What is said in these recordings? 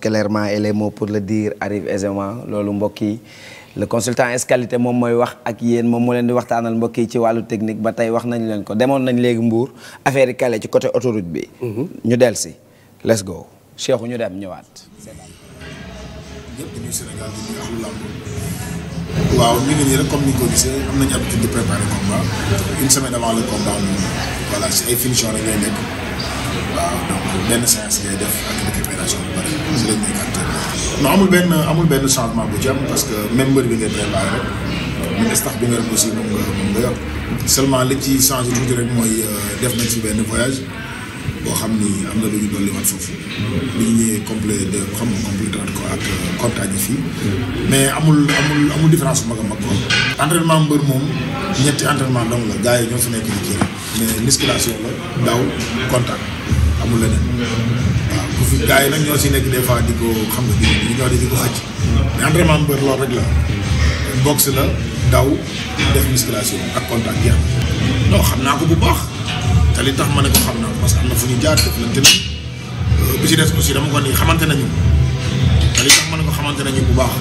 clairement et pour le dire arrivent aisément loolu mbokk yi le consultant Escalité moom mooy wax ak yéen moom moo leen di waxtaanal mbokk yi ci wàllu technique ba tey wax nañ leen ko demoon nañ léegi Mbour affaire yi kale ci côté autoroute bi. Mhm. ñu del si let's go Cheikhou ñu dem ñëwaat. waaw ñu waaw donc benn séance ngay def ak récupération bu bëri. si lañ nekk acteur non amul benn amul benn changement bu jam parce que même mbër bi ngay préparé rek. même staff bi nga rek aussi nga moom nga yor. seulement li ci changé tuuti rek mooy euh, def na ci benn voyage. boo xam ni am na lu ñu dolliwaat foofu. bu ñu ñëwee complet de xam nga complété waat ko ak euh, contact yi fii. mais amul amul amul différence bu mag a mag ko. entraînement mbër moom ñetti entraînement dong la gars yi ñoo si nekk di kii mais musculation la daw contact amul leneen. waaw ku fi gars yi nag ñoo si nekk des fois di ko xam nga di di ñoo di di ko xàcc. mais entraînement mbër loolu rek la. boxe la daw def musculation ak contact jeex non xam naa ko bu baax te li tax ma ne ko xam naa parce que am na fu ñu jaar jëflante nañu euh, bi ci des aussi dama ko ni xamante nañu te li tax ma ne ko xamante nañu bu baax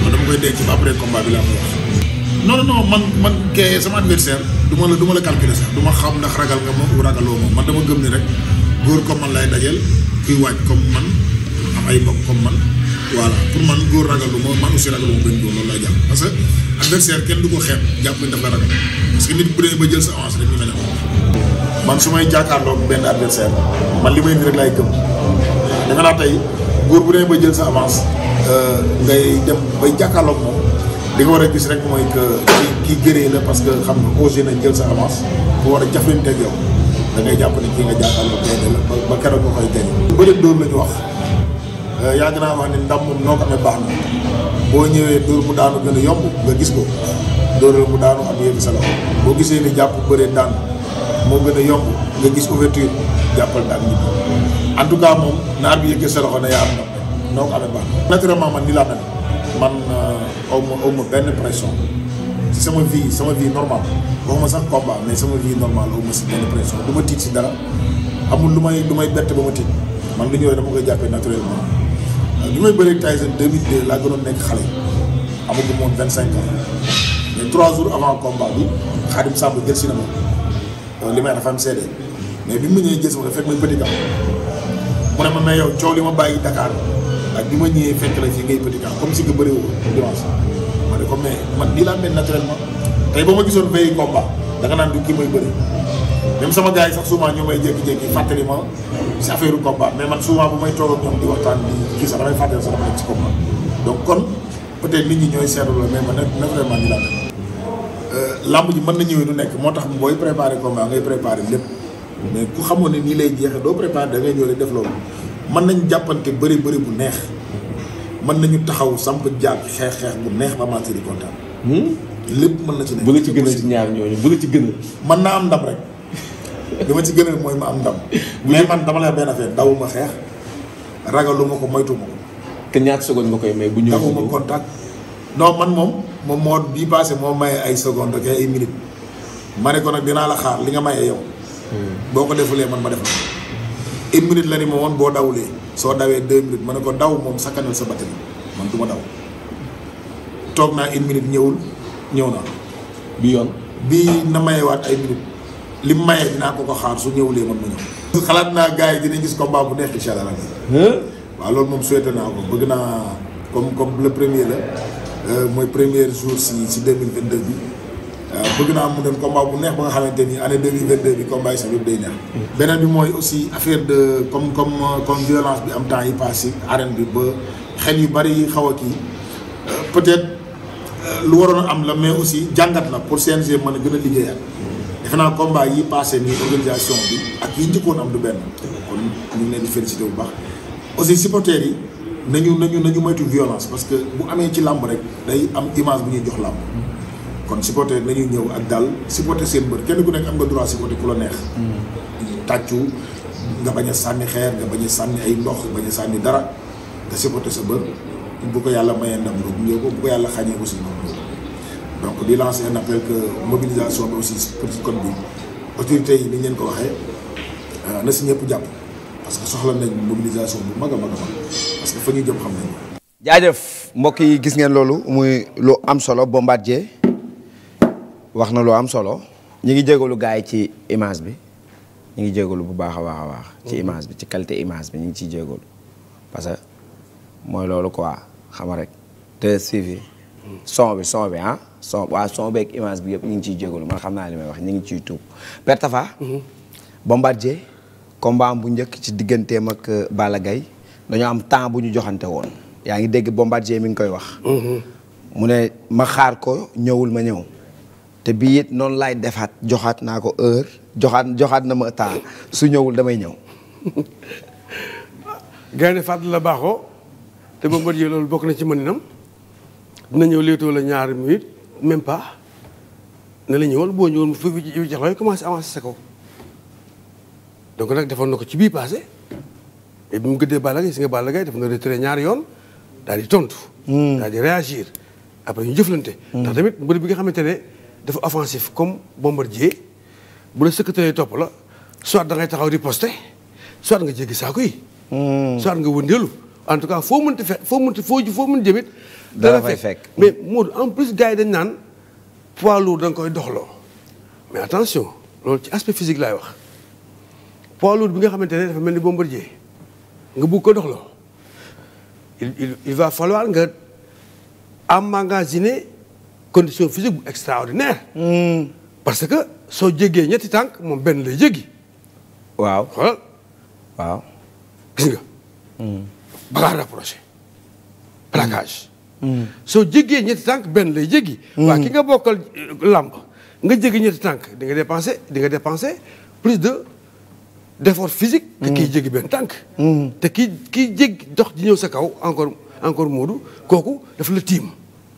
loolu dama koy denc ba après combat bi laa ko wax. man man kay sama adversaire du ma la du ma la calculer sax du ma xam ndax ragal nga ma ou ragaloo ma man dama gëm ni rek góor comme man lay dajeel kuy waaj comme man am ay mbokk comme man. voilà pour man góor ragal lu moom man aussi ragal moom benn góor loolu ba jël sa avance man su may jàkkaarloog benn adversaire man li may indi rek laay gëm danga naa tey ba jël sa avance euh, ngay dem bay jàkkaarloog moom li war a gis rek mooy que kii gëree la parce que xam nga osé na jël sa avance war a jaflanteeg yow da ngay jàpp ne kii nga jàkkaarloog gaynde la ba koy gañ bëri wax Eh, yàgg naa wax ne ndam moom noo ko amee baax na boo ñëwee dóor mu daanu gën a yomb nga gis ko dóoral mu daanu am yéeg sa gisee ni jàpp bëree daan moo gën a yomb nga gis ouverture jàppal daan en tout cas moom naar bi yëkkee sa loxo ne yaa am ndam noo ko amee baax naturellement man ni laa man eh, aw ma aw ma benn pression ci sama vie sama vie normale waxuma sax combat mais sama vie normale aw ma si benn pression du ma tiit si dara amul lu may lu may bett ba ma tiit man lu ñëwee dama koy jàppee naturellement. li may bëreeg Tyson 2002 laa a nekk xale amagu moom vingt cinq ans mais trois jours avant combat bi Xaadim Samb jël si na ma euh, li may dafa am seede mais bi mu ñëwee jël si ma fekk may petit camp ma mais yow coow li ma bàyyi Dakar ak bi ma ñëwee fekk la fii ngay petit camp comme si nga bëree woon dimanche ma ne ko mais man nii laa mel naturellement tey ba ma gisoon béyi combat da nga naan du kii may bëri même sama gars yi sax souvent ñoo may jékki-jékki fàttali ma si affaire combat mais man souvent bu may toog ak ñoom di waxtaan di kii a damay fàtte sax dama nekk si combat donc kon peut-être nit ñi ñooy seetlu la na vraiment ñu la euh, lamb ji mën na ñëwee du nekk moo tax booy préparé combat ngay préparé lépp mais ku xamoon ne nii lay jeexe doo préparé da ngay def loolu mën nañu jàppante bëri bëri bu neex mën nañu taxaw samp jàpp xeex xeex bu neex ba avancé di hmm? lépp mën na ci nekk. bu ci gën a ci ñaar ñooñu bu la ci gën mën naa am ndam rek. li ma ci gënal mooy ma am ndam. mais man dama lay benn affaire daw ma xeex ragalu ma ko moytu ma ko. te ñaata seconde nga koy may bu ñëwee. daw ma man moom moom moo bii passé moo maye ay seconde ak ay minute ma ne ko nag dinaa la xaar li nga maye yow. Hmm. boo ko defulee man ma def une minute la ni ma woon boo dawulee soo dawee deux minutes ma ne ko daw moom sakkanal sa batterie man du ma daw toog naa une minute ñëwul ñëw naa. bi yoon bii na mayewaat ay minute li mu maye dinaa ko ko xaar su ñëwulee man ma ñëw. xalaat naa gars yi dinañ gis combat bu neex incha allah rabbi. waaw loolu moom souhaité naa ko bëgg naa comme comme le premier la euh, mooy première jour si si deux mille vingt deux bi. Euh, bëgg naa mu dem combat bu neex ba nga xamante ni année deux mille vingt deux bi combat yi sax day neex. beneen bi mooy aussi affaire de comme comme euh, comme violence bi am temps yi passé arène bi ba xel yu bari yi xaw a kii peut-être lu waroon am la mais aussi jàngat la pour CNG mën a gën a liggéeyaat. defe naa combat yi passé nii organisation bi ak yi njëkkoon am du benn kon ñu ngi leen di félicité bu baax aussi supporters yi nañu nañu nañu moytu violence parce que bu amee ci làmb rek day am image bu ñuy jox làmb kon supporter nañu ñëw ak daal supporter seen mbër kenn gu nekk am nga droit supporter ku la neex hmm. tàccu nga bañ a sànni xeer nga bañ a sànni ay ndox bañ a sànni dara nga supporter sa mbër bu ko yàlla mayee ndam bu ñëw bu ko yàlla xàññee aussi noonu di lancer un appel que mobilisation bi aussi yi ni ñu ko waxee euh, na si ñëpp jàpp parce soxla nañ mobilisation bu mag a mag a mag parce jëm xam nañ jaajëf mbokk yi gis ngeen loolu muy lu am solo Bombardier wax na lu am solo ñu ngi jégalu gars yi ci image bi ñu ngi jégalu bu baax a waax a waax ci mm-hmm. image bi ci qualité image bi ñu ngi ciy jégalu parce que mooy loolu quoi xama rek te suivi mm-hmm. son bi son bi ah son waaw son beeg image bi yëpp ñu ngi ciy jégalu man xam naa li may wax ñu ngi ciy tuub Père Tafa. Mhm. Bombardier combat am bu njëkk ci digganteem ak euh, Balla Gaye dañoo am temps bu ñu joxante woon yaa ngi dégg Bombardier mi ngi koy wax. Mhm. mu ne ma xaar ko ñëwul ma ñëw. te bii it noonu laay defaat joxaat naa ko heure joxaat joxaat na ma temps su ñëwul damay ñëw. gaynde fàttali la baaxoo te Bombardier loolu bokk na ci maninam dina ñëw léetoo la ñaari minutes même pas ne la wal boo ñëwoon fi fi jax looy commencé avancé sa kaw donc nag defoon na ko ci biir passé et bi mu gëddee Balla Gaye si nga Balla Gaye def na retiré ñaari yoon daal di tontu. Hmm. daal di réagir après ñu jëflante. Hmm. ndax tamit mbir bi nga xamante ne dafa offensif comme Bombardier bu la sëkkatee topp la soit da ngay taxaw riposte soit nga jéggi saako yi. Hmm. soit nga wëndeelu. en tout cas foo mënti fe foo mënti foo foo mënti jëmit dara fay fekk mais Modou en plus gars yi dañ naan poids lourd da nga koy doxloo mais attention loolu ci aspect physique laay wax poids lourd bi nga xamante ne dafa mel ni bombardier nga bugg ko dox il il va falloir nga emmagasiner condition physique bu extraordinaire hmm. parce que soo jegee ñetti tànk moom benn lay jéggi waaw xoolal nga balaa rapproché placage. Mm. Mm. soo jéggee ñetti tànk benn lay jéggi. Mm. waa ki nga bokkal euh, làmb nga jéggi ñetti tànk di nga dépensé di nga dépensé plus de d'effort physique. te kiy jéggi benn tànk. te kiy kiy jéggi dox di ñëw sa kaw encore encore Moodu kooku daf la tiim.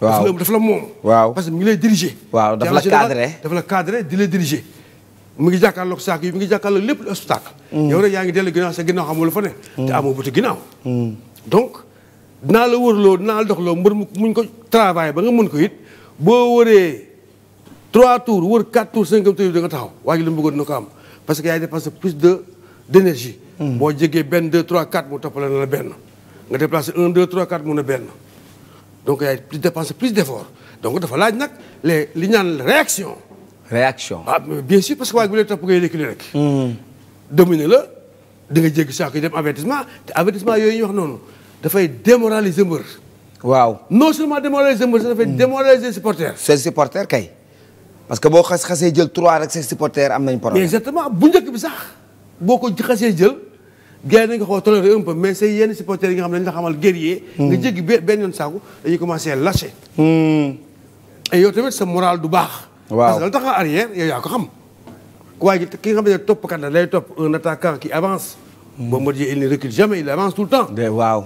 waaw daf la moom. waaw parce que mi ngi lay diriger. waaw daf la cadré dafa la cadré di la diriger. mu ngi jàkkaarloog saako yi mu ngi jàkkaarloog lépp lu obstacle. Mm. yow rek yaa ngi dellu ginnaaw sa ginnaaw xamul fa ne. Mm. te amoo bëtu ginnaaw. Mm. donc dinaa la loo dinaa la doxloo mbër muñ ko travail ba nga mën ko it boo wëree 3 tours wër 4 tours 5 tours da nga taxaw waa ji mu bëggoon na ko am parce que yaay dépensé plus de d' énergie. boo jegee benn 2 3 4 mu toppale na la benn. nga déplacé 1 2 3 4 mu benn donc yaay plus d' effort donc dafa laaj nag les li ñaan réaction. réaction. ah bien sûr parce que waaye bu lay topp ngay reculer rek. Hmm. nga jéggi saako yi dem avertissement te avertissement yooyu ñu wax noonu dafay démoraliser mbër. waaw non seulement démoraliser mbër dafay hmm. démoraliser supporter. seen supporter kay. parce que boo xas xasee jël trois rek seen supporter am nañ problème. mais exactement bu njëkk bi sax boo ko xasee jël. gars yi dañ ko xaw a toléré mais sa yenn supporters yi nga xam ne dañ la xamal guerrier hmm. nga jéggi benn yoon saako commencé lâcher. yow tamit sa moral du baax. waaw la tax a arrière xam. waaye ji ki nga xam ne toppkat la lay topp na attaquant qui avance. Bombardier il ne recule jamais il avance tout le temps. waaw.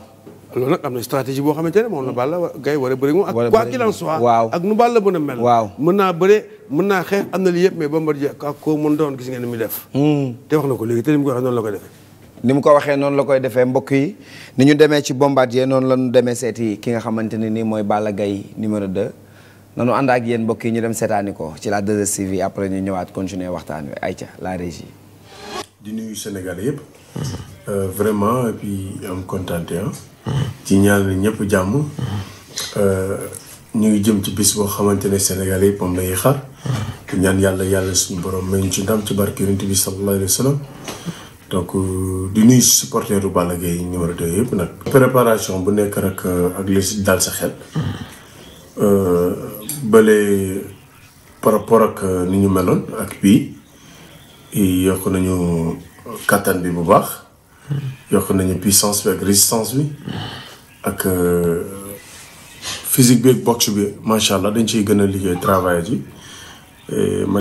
loolu nag am na stratégie boo xamante ne moom la Balla Gaye war a bëri moom. ak quoi qu'il en waaw ak naa bëre mën naa xeex am na yëpp mais Bombardier ak koo mën ni muy def. Hmm. te wax ko léegi te ni mu ko waxee noonu la koy defee. ni mu ko waxee noonu la koy defee mbokk yi ni ñu demee ci Bombardier noonu la ñu demee seeti ki nga xamante ne nii mooy Balla Gaye numéro de nanu ànd ak yéen mbokk yi ñu dem seetaani ko ci la 2 vie après ñu ñëwaat continuer waxtaan wi ayca la régie. di nuyu Sénégal yëpp. Euh, vraiment et am contenté ci ñaanal ñëpp jàmm. Euh, ñu ngi jëm ci bis boo xamante ne Sénégal yëpp moom lañuy xaar. ñaan yàlla yàlla suñu borom may ñu ci ndam ci barke yonent bi sallallahu alayhi wa sallam. donc euh, di nuyu supporter bu Balla Gaye numéro 2 yëpp nag. préparation bu nekk rek ak li daal sa xel. bële par rapport ak euh, ni ñu meloon ak bii yokk nañu kattan bi bu baax yokk nañu puissance bi ak résistance bi ak euh, physique bi ak box bi macha allah dañ ciy gën a liggéey travail ji